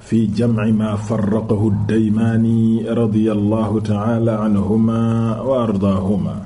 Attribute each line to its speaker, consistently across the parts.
Speaker 1: fi jamci ma farraqahu daymaani radiyallahu ta'ala anhuma wa ardaahuma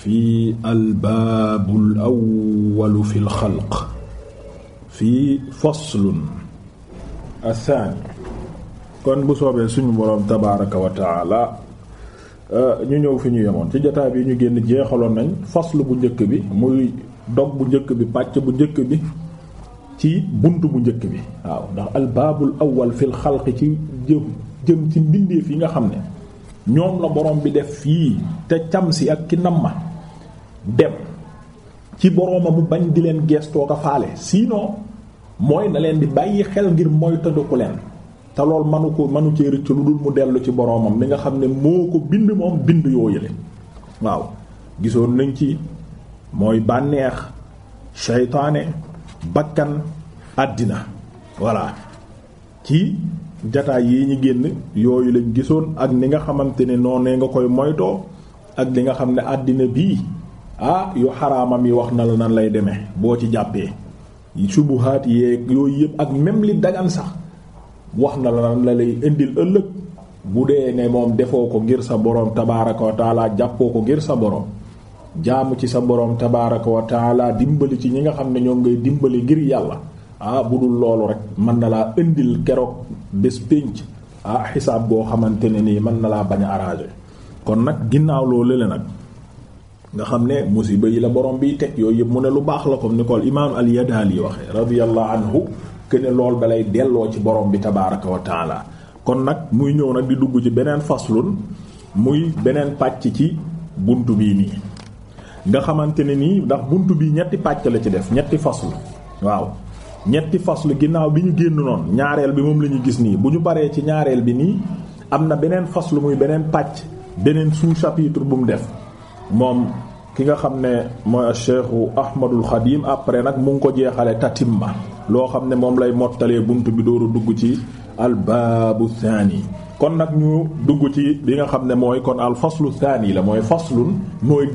Speaker 1: fi albaabul awwal fi lxalq fi faslun athaani kon bu soobee suñu boroom tabaaraka wa ta'ala euh, ñu ñëw fi ñu yemoon ci jotaay bi ñu génn jeexaloon nañ faslu bu njëkk bi muy dog bu njëkk bi pàcc bu njëkk bi ci bunt bu njëkk bi waaw ndax albaabul awwal fil xalqi ci jëm ci mbindeef yi nga xam ne ñoom la borom bi def fii te cam si ak ki nam ma dem ci borooma mu bañ di leen geestoo ko faale mooy na leen di bàyyi xel ngir moytandiku leen te lool manu ko manu cee rëcc lu dul mu dellu ci boroomam li nga xam ne moo ko bind moom bind yoo yële waaw gisoon nañ ci mooy bànneex seytaane bakkan àddina voilà ci jataay yi ñu génn yooyu lañ gisoon ak ni nga xamante ne noonee nga koy moytoo ak li nga xam ne àddina bii ah yu xaraamam yi wax na la nan lay demee boo ci jàppee subuhaat yeeg yooyu yëpp ak même li dagan sax wax na la nan lay indil ëllëg bu dee ne moom defoo ko ngir sa boroom tabaaraka wa taala jàppoo ko ngir sa boroom jaamu ci sa boroom tabaaraka wa taala dimbali ci ñi nga xam ne ñoom ngay dimbali ngir yàlla ah bu dul loolu rek mën na laa indil keroog bés pénc ah xisaab goo xamante ne nii mën na laa bañ a kon nag ginnaaw loolu la nag nga xam ne musiba yi la borom biy teg yooyu yëpp mu ne lu baax la comme ni ko imaam al-Yadaali waxe radiyallahu anhu que ne lool ba lay delloo ci borom bi tabaaraka wa taala kon nag muy ñëw nag di dugg ci beneen faslun muy beneen pàcc ci bunt bii nii nga xamante ne nii ndax bunt bii ñetti pàcc la ci def ñetti faslu waaw. ñetti faslu ginnaaw bi ñu génn noonu ñaareel bi moom la ñu gis nii bu ñu baree ci ñaareel bi nii am na beneen faslu muy beneen pàcc beneen sous bu mu def moom ki nga xam ne mooy Cheikhu Ahmadul Xadim après nag mu ngi ko jeexale tatimma loo xam ne moom lay mottalee bunt bi dooru dugg ci albaabu thani kon nag ñu dugg ci li nga xam ne mooy kon al faslu thani la mooy faslun mooy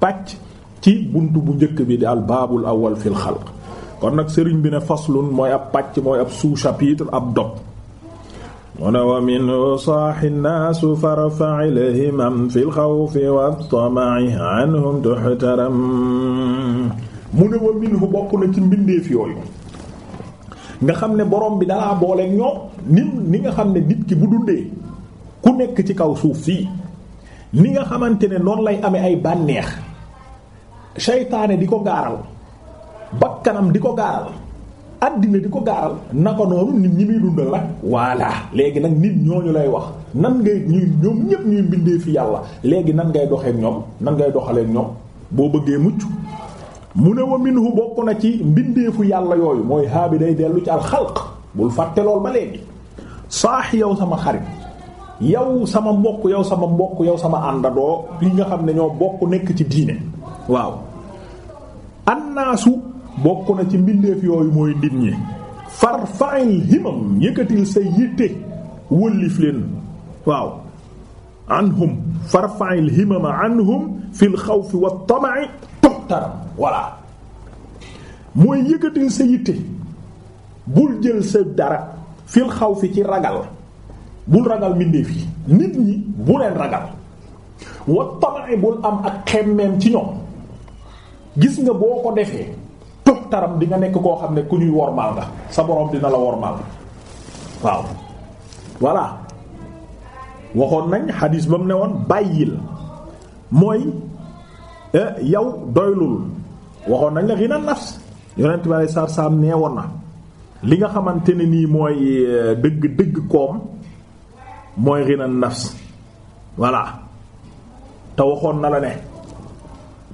Speaker 1: pàcc ci bunt bu njëkk bi di al baabul awal fil xalq kon nag sëriñ bi ne faslun mooy ab pàcc mooy ab sous-chapitre ab dog mu ne wa minhu saaxi nnaasu farfa'i mu ne wa minhu bokk na ci mbindeef yooyu nga xam ne borom bi dalaa booleek ñoo nim ni nga xam ne nit ki bu dundee ku nekk ci kaw suuf fii ni nga xamante ne noonu lay amee ay bànneex seytaane di ko gaaral bakkanam di ko gaaral àddina di ko gaaral naka noonu nit ñi muy dundal nag voilà léegi nag nit ñooñu lay wax nan ngay ñuy ñoom ñépp ñuy mbindee yàlla léegi nan ngay doxee ñoom nan ngay doxalee ñoom boo bëggee mucc mu ne wa minhu bokk na ci mbindeefu yàlla yooyu mooy haabi day dellu ci alxalq bul fàtte lool ba léegi saax yow sama xarit yow sama mbokk yow sama mbokk yow sama àndadoo yi nga xam ne ñoo bokk nekk ci diine waaw bokk na ci mbindeef yooyu mooy nit ñi far fa'il himam yëkkatil sa yitte wëllif leen waaw anhum far fa'il himama anhum fil xawfi wa tama'i toxtaram voilà mooy yëkkatil sa yitte bul jël sa dara fil fi ci ragal bul ragal mbindeef yi nit ñi bu leen ragal wa tama'i bul am ak xemmeem ci ñoom gis nga boo ko defee tux taram di nga nekk koo xam ne ku ñuy wormaal nga sa borom dina la wormaal waaw voilà waxoon nañ xadiis ba mu ne woon bàyyil mooy eh, yow doylul waxoon nañ la ghina nafs yonent bi alei satu salaam nee na li nga xamante ne nii mooy eh, dëgg dëgg koom mooy ghina nafs voilà te waxoon na la ne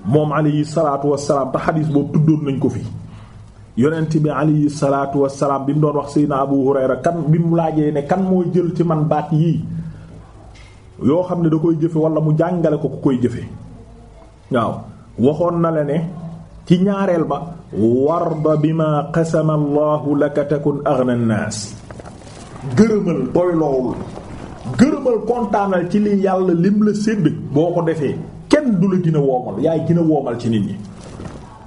Speaker 1: moom alayhi salaatu wassalaam te xadiis boobu tuddoon nañ ko fi yonent bi alayhi salaatu wassalaam bi mu doon wax Seydina Abu Hurayra kan bi mu laajee ne kan mooy jël ci man baat yii yoo xam ne da koy jëfe wala mu jàngale ko ku koy jëfe waaw waxoon na la ne ci ñaareel ba warda bima qasama allahu laka takun aghna an-nas gërëmal doyloowul gërëmal kontaanal ci li yàlla lim la sédd boo ko defee kenn du la gën a woomal yaay gën a woomal ci nit ñi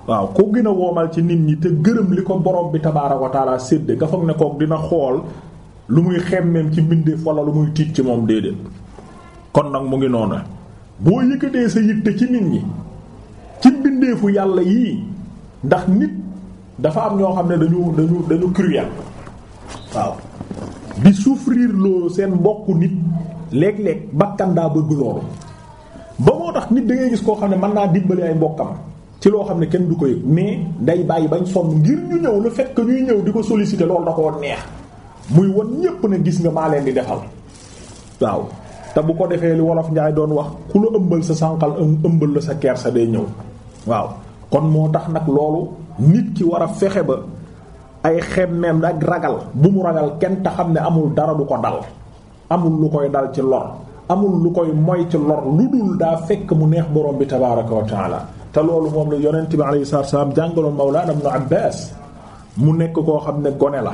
Speaker 1: waaw ku gën a woomal ci nit ñi te gërëm li ko boroom bi tabaaraka wa taala sédd nga foog ne kook dina xool lu muy xemmeem ci mbindeef wala lu muy tiit ci moom déedéet kon nag mu ngi noonu boo yëkkatee sa yitte ci nit ñi ci mbindeefu yàlla yii ndax nit dafa am ñoo xam ne dañu dañu dañu cruel waaw di souffrir loo seen mbokku nit léeg-léeg bakkan daa bëgg loolu tax nit da ngay gis koo xam ne mën naa dimbali ay ci loo xam ne kenn du ko mais day bàyyi bañ sonn ngir ñu ñëw le fait que ñëw di ko solliciter loolu da koo neex muy won ñépp ne gis nga maa leen di defal waaw te bu ko defee li wolof njaay doon wax ku la ëmbal sa sànqal ëmbal la sa kersa day ñëw waaw kon moo tax nag loolu nit ki war a fexe ba ay xemmeem ak ragal bu mu ragal kenn te xam ne amul dara du ko dal amul lu koy dal ci lor amul lu koy moy ci lor lu dul daa fekk mu neex borom bi tabaaraka wa taala te loolu moom la yonent bi alayhi salaatu salaam jàngaloon Mawlaana ak Abbaas mu nekk koo xam ne gone la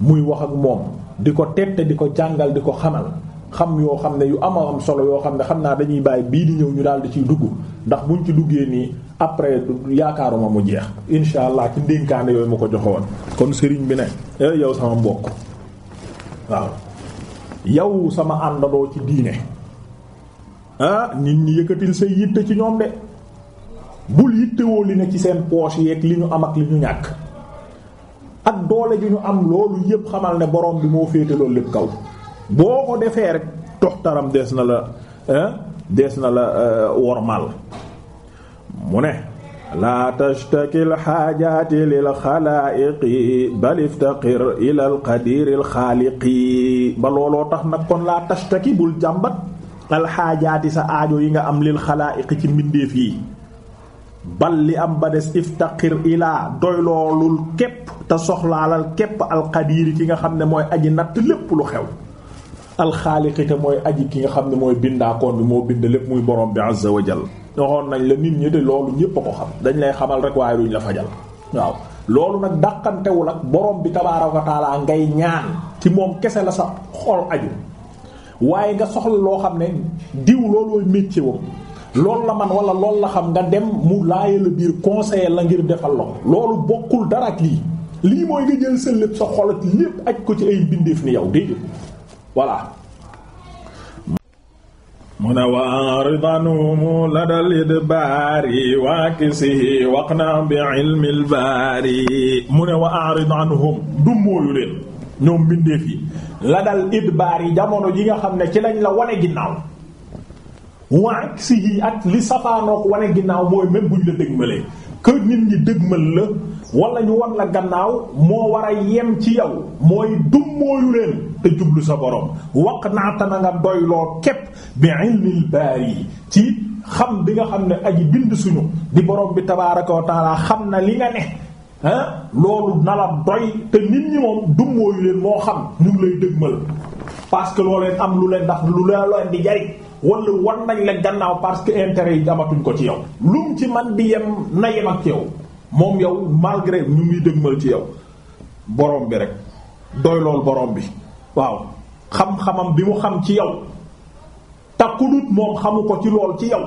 Speaker 1: muy wax ak moom di ko tette di ko jàngal di ko xamal xam yoo xam ne yu am am solo yoo xam ne xam naa dañuy bàyyi bii di ñëw ñu daal di ciy dugg ndax buñ ci duggee nii après yaakaaruma mu jeex insha allah ci ndénkaane yooyu mu ko joxoon kon sëriñ bi ne eh, yow sama mbokk waaw yow sama àndandoo ci diine ah nit ñi yëkkatil say yitte ci ñoom de bul yittewoo li ne ci seen poche yeeg li ñu am ak li ñu ñàkk ak doole ju ñu am loolu yépp xamal ne borom bi moo féete loolu lépp kaw boo ko defee rek toxtaram des na la des na la euh, wormal mu ne laa tashtaki alxaajaati lil xalaayiqi bal iftaqir ila tax nag kon laa bul jàmbat alxaajaati sa aajo yi nga am lil xalaayiqi ci mbindeef yi bal li am ba des iftaqir ilaa doy képp te soxlaalal képp alqadiiri ki nga xam ne mooy aji natt lépp lu xew alxaaliqi te mooy aji ki nga xam ne mooy bindaakoon bi moo bind lépp muy borom bi azza wa jalla waxoon nañ la nit ñi de loolu ñépp a ko xam dañ lay xamal rek waaye duñ la fajal waaw loolu nag dàqantewul ak boroom bi tabaaraka wa ngay ñaan ci moom kese la sa xol aju waaye nga soxla loo xam ne diw loolu métier wam loolu la man wala lool la xam nga dem mu laaya la biir conseiller la ngir defal la loolu bokkul dara ak lii lii mooy nga jël sa lépp sa xol ak lépp aj ko ci ay bindeef ni yow déedéet voilà mu ne wa arid anhum ladal idbaari wa kisihi waqna bi ilmi albaari mu ne wa arid anhum du mooyu leen ñoom mbindeef yi ladal idbaari jamono ji nga xam ne ci lañ la wane ginnaaw wa kisihi ak li safaanook wane ginnaaw mooy même buñ la dëgmalee que nit ñi dëgmal la wala ñu wan la gannaaw moo war a yem ci yow mooy du leen te jublu sa borom waq naata na nga doyloo képp bi ilmil baari ci xam bi nga xam ne aji bind suñu di borom bi tabaaraka wa xam na li nga ne ah, loolu na la doy te nit ñi moom dummóoyu leen moo xam ñu ngi lay dëgmal parce que loo am lu leen ndax lu leen loo di jariñ wala wan nañ la gannaaw parce que intérêt yi damatuñ ko ci yow lu mu ci man di yem na yem ak yow moom yow malgré ñu ngi dëgmal ci yow boroom bi rek doy lool borom bi waaw xam-xamam bi mu xam ci yow takkudut moom xamu ko ci lool ci yaw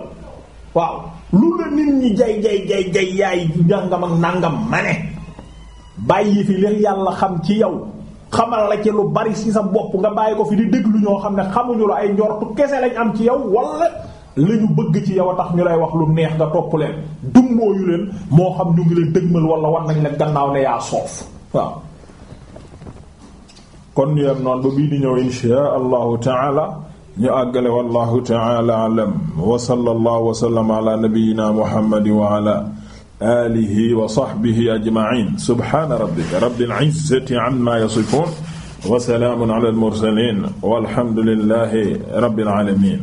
Speaker 1: waaw lu la nit ñi jay jay jay jay yaay njàngam ak nàngam ma ne bàyyi fi li yàlla xam ci yow xamal la ci lu bari ci sa bopp nga bàyyi ko fi di déglu ñoo xam ne xamuñu la ay njortu kese lañ am ci yow wala la ñu bëgg ci yow a tax ñu lay wax lu neex nga topp leen dummóoyu leen moo xam ñu ngi leen dëgmal wala war nañ leen gannaaw ne yaa soof waaw kon ñu yem noonu ba bii di ñëw inshaa allahu taala ñu àggale wallahu taala alam wa sallallahu wa sallam ala nabiyyina muhammadin wa ala alihi wa sahbihi ajma'in subhana rabbika rabbil izzati amma yasifun wa salaamun ala al mursalin walhamdulillahi rabbil alamin